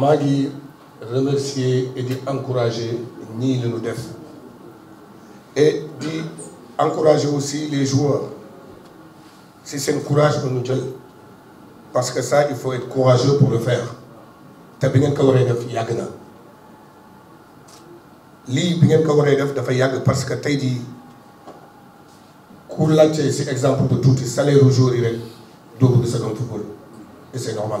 m'a dit remercier et d'encourager encourager Niel nous et d'encourager encourager aussi les joueurs si un courage pour nous parce que ça il faut être courageux pour le faire T'as bi qu'on ko waree def yàgg na lii bi ngeen ko il dafa yàgg parce que tey dit ku c'est c'est exemple de tout. salaire au jour il rek de de sa football et c'est normal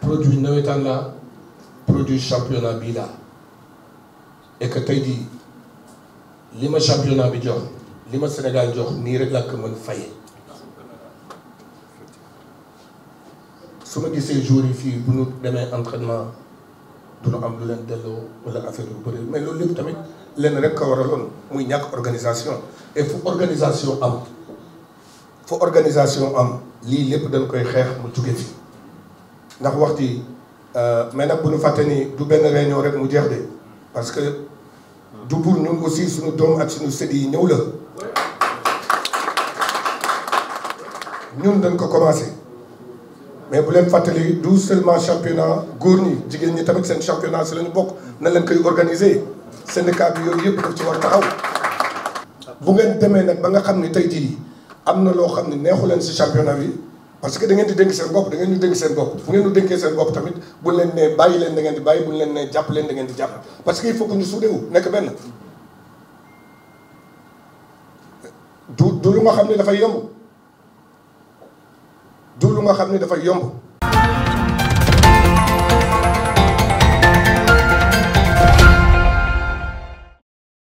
produit nawetaan la produit championnat bi la et que tey di lima championnat bi jox lima ma Sénégal jox ni rek la ko mën faye su ma gisee jour yi fi bu ñu demee entraînement du ñu am lu leen dello wala affaire yu bari mais loolu lepp tamit lenn rek ko waraloon muy ñàkk organisation et fu organisation am fu organisation am lii lépp dañ koy xeex mu jóge fi ndax waxti yi euh, mais nag bu ñu fàtte ni du benn réunion rek mu jeex de parce que du pour ñun aussi suñu doom ak suñu sët yi ñëw la ñun dañ ko commencé mais bu leen fàttali du seulement championnat góor ñi jigéen ñi tamit seen championnat si lañu ñu bokk na leen koy organiser syndicat bi yooyu yëpp daf ci war taxaw bu ngeen demee nag ba nga xam ne tey jii am na loo xam ne neexu leen si championnat bi parce que da ngeen di dénk seen bopp da ngeen di dénk seen bopp fu ngeen di dénkee seen bopp tamit buñ leen ne bàyyi leen da ngeen di bàyyi buñ leen ne jàpp leen da ngeen di jàpp parce que il faut que ñu nekk benn du du lu nga xam ne dafay yomb du lu nga xam ni dafay yomb